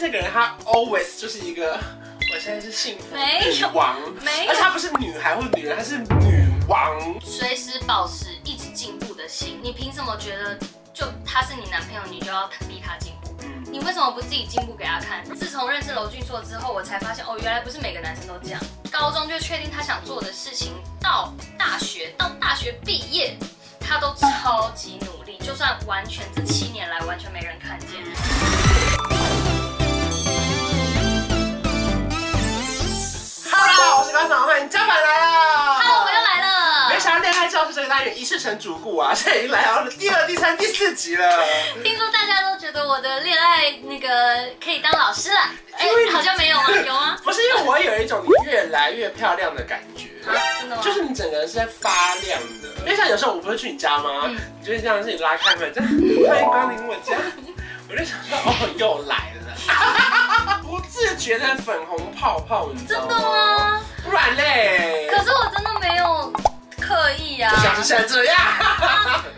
這個人他 always 就是一個，我現在是幸福的女王，沒有，沒有。而且他不是女孩或女人，他是女王，隨時保持一直進步的心。你憑什麼覺得就他是你男朋友，你就要逼他進步？嗯、你為什麼不自己進步給他看？自從認識婁峻碩之後，我才發現哦，原來不是每個男生都這樣。嗯、高中就確定他想做的事情，到大學到大學畢業，他都超級努力，就算完全這七年來完全沒人看見。嗯一似成主顧啊！現在已經來到了第二、第三、第四集了。聽說大家都覺得我的戀愛那個可以當老師了，哎、欸，好像沒有啊。有啊，不是對因為我有一種你越來越漂亮的感覺，啊、真的嗎？就是你整個人是在發亮的，就像有時候我不是去你家嗎？嗯、就像這樣，是你拉開門，這歡迎光臨我家，嗯、我就想到哦，又來了， 不自覺的粉紅泡泡，你知道嗎？真的嗎？不然嘞？可是我真的沒有。刻意呀、啊，像，像這樣。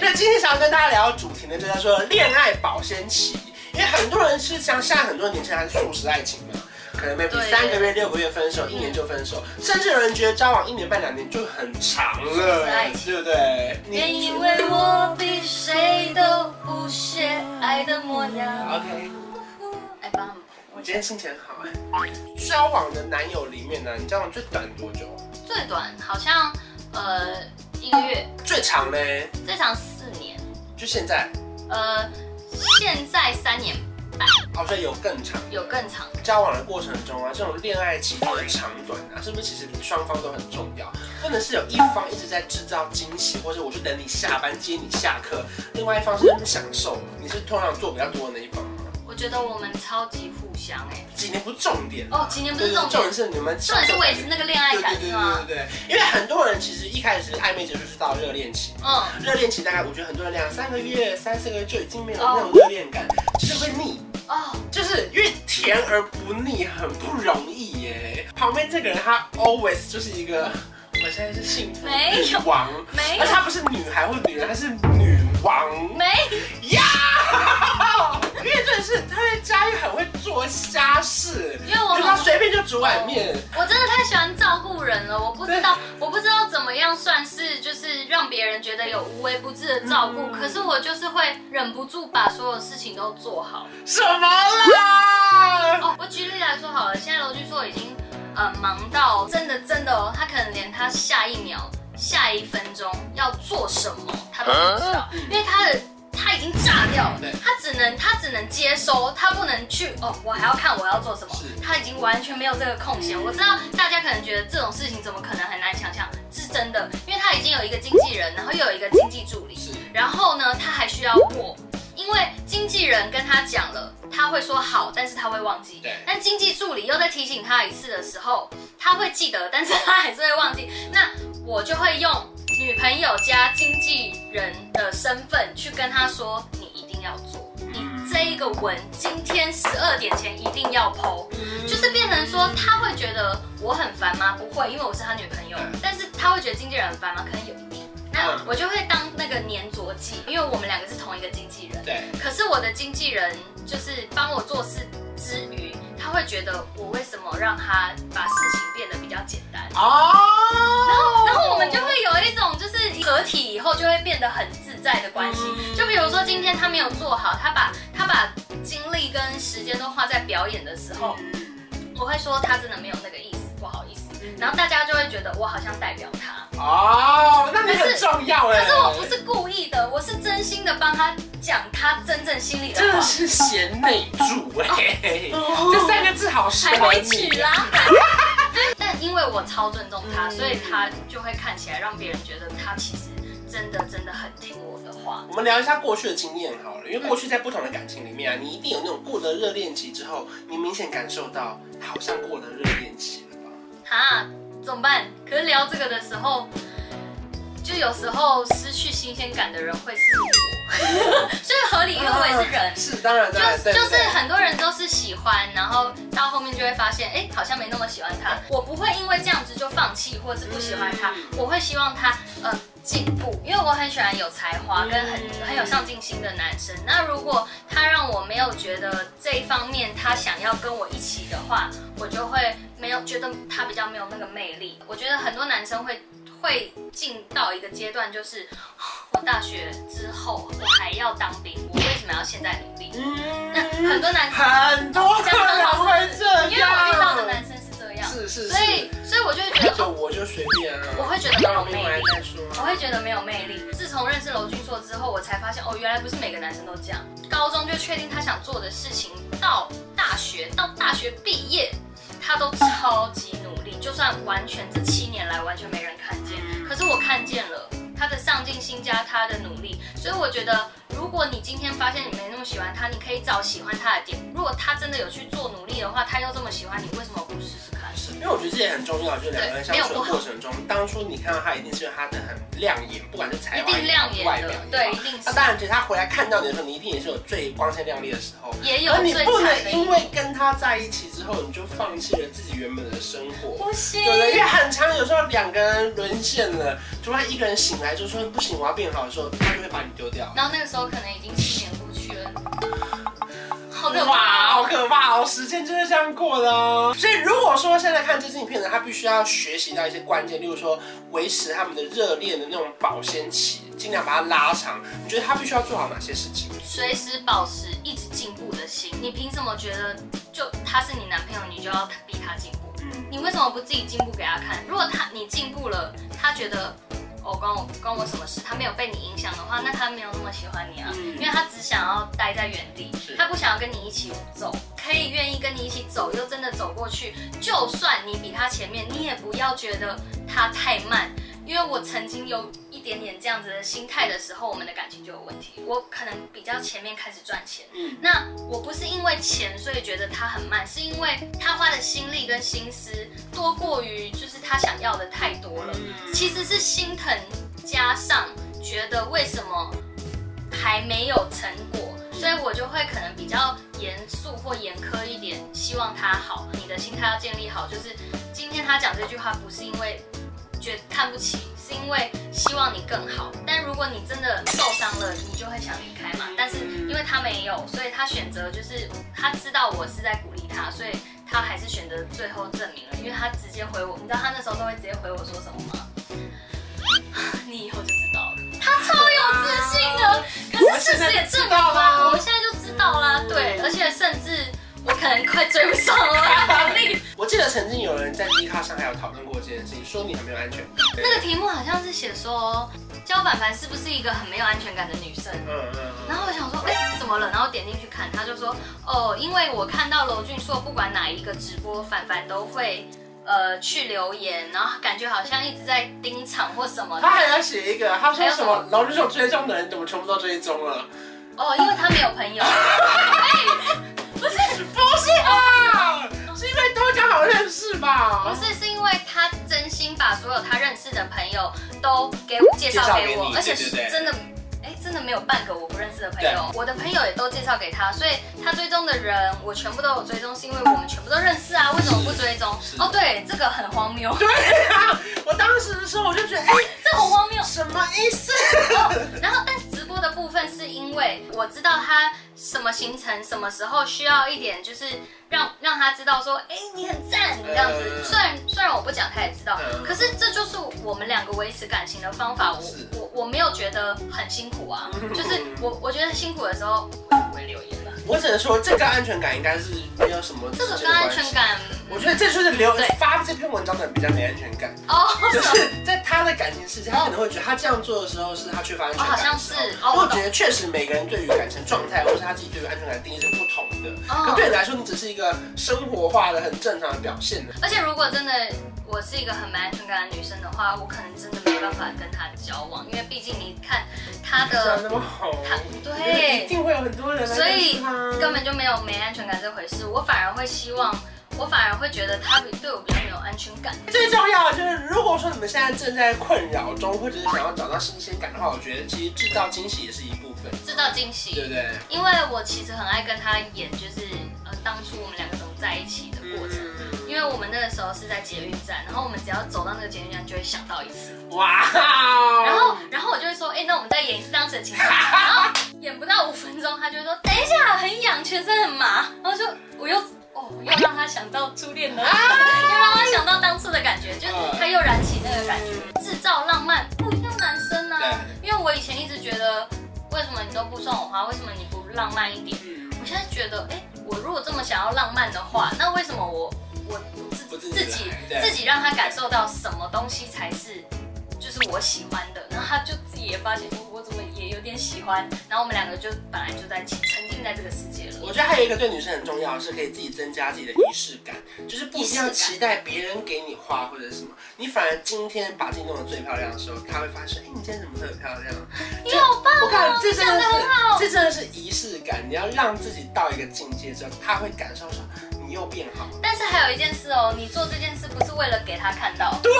那今天想要跟大家聊的主題呢，就叫做戀愛保鮮期，因為很多人是像現在很多年輕人，速食愛情嘛，可能 maybe 三個月、六個月分手，對耶 一年就分手，嗯、甚至有人覺得交往一年半兩年就很長了，對不對？你以為我比誰都不屑愛的模樣。嗯、OK，哎，爸媽，我今天心情很好哎。交往的男友裡面呢，你交往最短多久？最短好像。呃，一個月最長呢？最長四年，就現在，呃，現在三年半，哦，所以有更長，有更長。交往的過程中啊，這種戀愛期的長短啊，是不是其實雙方都很重要？真的是有一方一直在制造驚喜，或者我去等你下班接你下課，另外一方是很享受，你是通常做比較多的我覺得我們超級互相哎、欸，今年不是重點哦，今年不是重點對對對，重點是你們受受，重點是維持那個戀愛感是嗎？對對對對對，因為很多人其實一開始曖昧結束，就是到熱戀期，嗯、哦，熱戀期大概我覺得很多人兩三個月、三四個月就已經沒有那種熱戀感，哦、就是會膩哦，就是因為甜而不膩很不容易耶、欸。旁邊這個人他 always 就是一個，嗯、我現在是幸福女王，沒有，沒有而且他不是女孩或女人，她是女王，沒呀 因為真的是他在家裡很會做家事，因為我隨便就煮碗麵、哦。我真的太喜歡照顧人了，我不知道對我不知道怎麼樣算是就是讓別人覺得有無微不至的照顧，嗯、可是我就是會忍不住把所有事情都做好。什麼啦、嗯？哦，我舉例來說好了，現在婁峻碩已經呃忙到真的真的哦，他可能連他下一秒、下一分鐘要做什麼他都不知道，啊、因為他的。已經炸掉了，對他只能他只能接收，他不能去哦，我還要看我要做什麼。是他已經完全沒有這個空閒。我知道大家可能覺得這種事情怎麼可能，很難想象是真的，因為他已經有一個經紀人，然後又有一個經紀助理，是然後呢，他還需要我，因為經紀人跟他講了，他會說好，但是他會忘記。對但經紀助理又在提醒他一次的時候，他會記得，但是他還是會忘記。那我就會用。女朋友加經紀人的身份去跟他說，你一定要做，嗯、你這一個文今天十二點前一定要 po，嗯、就是變成說他會覺得我很煩嗎？不會，因為我是他女朋友。對但是他會覺得經紀人很煩嗎？可能有一點。那我就會當那個黏著劑，因為我們兩個是同一個經紀人。對。可是我的經紀人就是幫我做事之餘，他會覺得我為什麼讓他把事情變得比較簡單，哦然後，然後我們就會有一種就是合體以後就會變得很自在的關係。就比如說今天他沒有做好，他把他把精力跟時間都花在表演的時候，哦、我會說他真的沒有那個意思，不好意思。然後大家就會覺得我好像代表他哦，那是很重要哎。可是我不是故意的，我是真心的幫他講他真正心裡的話。真的是賢內助哎，哦哦、這三個字好帥。還沒娶啦。我超尊重他，嗯、所以他就會看起來讓別人覺得他其實真的真的很聽我的話。我們聊一下過去的經驗好了，因為過去在不同的感情裡面啊，嗯、你一定有那種過了熱戀期之後，你明顯感受到好像過了熱戀期了吧？哈，怎麼辦？可是聊這個的時候，就有時候失去新鮮感的人會是我。 是當然，當然，對對對，就是很多人都是喜歡，然後到後面就會發現，哎、欸，好像沒那麼喜歡他。我不會因為這樣子就放棄，或者不喜歡他。嗯、我會希望他呃進步，因為我很喜歡有才華跟很很有上進心的男生。嗯、那如果他讓我沒有覺得這一方面，他想要跟我一起的話，我就會沒有覺得他比較沒有那個魅力。我覺得很多男生會會進到一個階段，就是。大學之後還要當兵，我為什麼要現在努力？嗯，那很多男生、很多家長，會這，因為我遇到的男生是這樣，是是是，是是，所以所以我就會覺得，我就隨便了。哦，我會覺得沒有魅力，啊，我會覺得沒有魅力。自從認識婁峻碩之後，我才發現哦，原來不是每個男生都這樣。高中就確定他想做的事情，到大學，到大學畢業，他都超級努力，就算完全這七年來完全沒人看見，可是我看見了，他的上進心加他的努力，所以我覺得，如果你今天發現你沒那麼喜歡他，你可以找喜歡他的點。如果他真的有去做努力的話，他又這麼喜歡你，為什麼不試試？因為我覺得這也很重要，就是兩個人相處的過程中，當初你看到他一定是他的很亮眼，不管是才華還是外表，對，他、啊、當然，他回來看到你的時候，你一定也是有最光鮮亮麗的時候。也有。而你不能因為跟他在一起之後，你就放棄了自己原本的生活。吧不行行。因為很常，有時候兩個人淪陷了，除非一個人醒來就說不行，我要變好的時候，他就會把你丟掉。然後那個時候可能已經七年過去了。好可怕，好可怕。時間就是這樣過的哦，所以如果說現在看這支影片呢，他，必須要學習到一些關鍵，例如說維持他們的熱戀的那種保鮮期，盡量把它拉長。你覺得他必須要做好哪些事情？隨時保持一直進步的心。你憑什麼覺得就他是你男朋友，你就要逼他進步？你為什麼不自己進步給他看？如果他你進步了，他覺得。哦，關我關我什麼事？他沒有被你影響的話，那他沒有那麼喜歡你啊。嗯。因為他只想要待在原地，他不想要跟你一起走。可以願意跟你一起走，又真的走過去，就算你比他前面，你也不要覺得他太慢，因為我曾經有。點點這樣子的心態的時候，我們的感情就有問題。我可能比較前面開始賺錢，那我不是因為錢所以覺得他很慢，是因為他花的心力跟心思多過於就是他想要的太多了。其實是心疼加上覺得為什麼還沒有成果，所以我就會可能比較嚴肅或嚴苛一點，希望他好。你的心態要建立好，就是今天他講這句話不是因為覺得看不起，是因為希望你更好，但如果你真的受傷了，你就會想離開嘛。但是因為他沒有，所以他選擇就是他知道我是在鼓勵他，所以他還是選擇最後證明了，因為他直接回我，你知道他那時候都會直接回我說什麼嗎？ 你以後就知道了。他超有自信的，可是事實也證明了，我們現在就知道啦。對，而且甚至。我可能快追不上了、啊。那 我記得曾經有人在 D 卡上還有討論過這件事情，說你很沒有安全感。對對對那個題目好像是寫說，焦凡凡是不是一個很沒有安全感的女生？嗯嗯,嗯,嗯然後我想說，哎、嗯，欸、怎麼了？然後我點進去看，她就說，哦，因為我看到婁峻碩不管哪一個直播，凡凡都會呃去留言，然後感覺好像一直在盯場或什麼。他還要寫一個，他說什麼老,說婁峻碩追蹤的人怎麼全部都追蹤了？哦，因為他沒有朋友。 不是，嗯、是，是因為他真心把所有他認識的朋友都給我介紹給我，而且是真的、欸，真的沒有半個我不認識的朋友。我的朋友也都介紹給他，所以他追蹤的人我全部都有追蹤，是因為我們全部都認識啊，為什麼不追蹤？哦，對，這個很荒謬。是是 對啊，我當時的時候我就覺得，哎，這很荒謬，什麼意思？然後但直播的部分是因為我知道他。什麼行程，什麼時候需要一點，就是讓讓他知道說，哎、欸，你很贊，你這樣子。雖然雖然我不講，他也知道，嗯、可是這就是我們兩個維持感情的方法。我是我我沒有覺得很辛苦啊，就是我我覺得辛苦的時候會留言。我只能說，這個安全感應該是沒有什麼的這個安全感。我覺得這就是留、嗯、發這篇文章的人比較沒安全感。哦，是就是在他的感情世界，哦、他可能會覺得他這樣做的時候是他缺乏安全感、哦。好像是。哦、我覺得確實每個人對於感情狀態，哦、或者是他自己對於安全感的定義是不同的。哦、可對你來說，你、嗯、只是一個生活化的、很正常的表現。而且，如果真的。嗯我是一個很沒安全感的女生的話，我可能真的沒有辦法跟她交往，因為畢竟你看她的那麼好，她對以一定會有很多人，所以根本就沒有沒安全感這回事。我反而會希望，我反而會覺得他比對我比較沒有安全感。最重要的就是，如果說你們現在正在困擾中，或者是想要找到新鮮感的話，我覺得其實製造驚喜也是一部分。製造驚喜，對不對？因為我其實很愛跟他演，就是當初我們兩個怎麼在一起。都是在捷運站，然後我們只要走到那個捷運站，就會想到一次。哇 Wow.、嗯、然後，然後我就會說，哎、欸，那我們再演一次當時的情節，然後演不到五分鐘，他就會說，等一下，很癢，全身很麻。然後就我又，哦，又讓他想到初戀了、啊，又讓他想到當初的感覺，就是、他又燃起那個感覺，製造浪漫。不用男生呢、啊，對因為我以前一直覺得，為什麼你都不送我花，為什麼你不浪漫一點？嗯、我現在覺得，哎、欸，我如果這麼想要浪漫的話，那為什麼我，我？不自己自己，自己讓他感受到什麼東西才是，就是我喜歡的，然後他就自己也發現，我我怎麼也有點喜歡，然後我們兩個就本來就在一起沉浸在這個世界了。我覺得還有一個對女生很重要，是可以自己增加自己的儀式感，就是不一定要期待別人給你花或者什麼，你反而今天把自己弄得最漂亮的時候，他會發現，哎，你今天怎麼這麼漂亮？你好棒哦、啊！我講這真的是，很好這真的是儀式感，你要讓自己到一個境界之後，他會感受什麼？又變好，但是還有一件事哦、喔，你做這件事不是為了給他看到，對，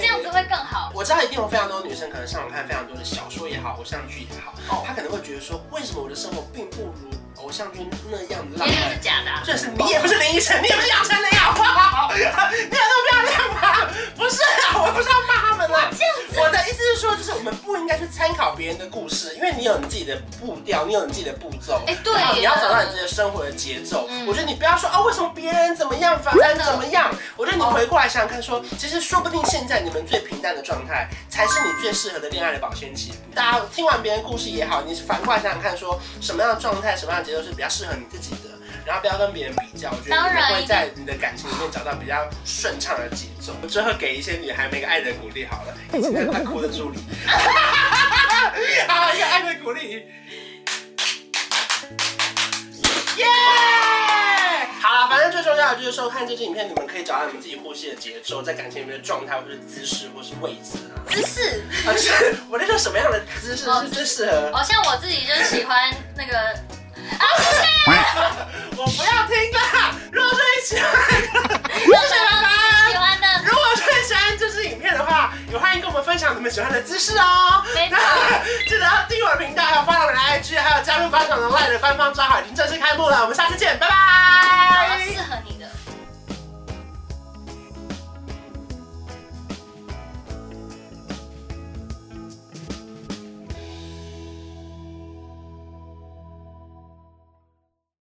這樣子會更好。我知道一定有非常多女生可能上網看非常多的小說也好，偶像劇也好，她、哦、可能會覺得說，為什麼我的生活並不如偶像劇那樣浪漫？這是假的、啊，這是你也不是林依晨，你也不是楊丞琳啊！哈哈，你這樣嗎？不是啊，我不是要罵他們啦。我的意思是說，就是我們不應該去參考別人的故事，因為你有你自己的步調，你有你自己的步驟。哎、欸，對。你要找到你自己的生活的節奏。嗯、我覺得你不要說啊、哦，為什麼別人怎麼樣，反正怎麼樣。嗯、我覺得你回過來想想看說，說、哦、其實說不定現在你們最平淡的狀態，才是你最適合的戀愛的保鮮期。大家聽完別人故事也好，你是反過來想想看，說什麼樣的狀態，什麼樣的節奏是比較適合你自己的。然後不要跟別人比較，我覺得你會在你的感情裡面找到比較順暢的節奏。我最後給一些女孩們一個愛的鼓勵好了，記得她哭的助理。 好一個愛的鼓勵。耶、yeah. Yeah!！好了，反正最重要的就是說，看這支影片，你們可以找到你們自己呼吸的節奏，在感情裡面的狀態，或是姿勢，或是位置啊。姿勢？啊，就我那種什麼樣的姿勢是最適合？好、oh, oh, 像我自己就喜歡那個。 謝。Oh, 我不要聽的，如果最喜歡，最喜歡的。如果最喜, 喜歡這支影片的話，也歡迎跟我們分享你們喜歡的姿勢哦。Okay. 那記得要訂閱我的頻道，還有 follow 我的 IG，還有加入官方的 LINE 官方賬號。已經正式開幕了，我們下次見，拜拜。適合你。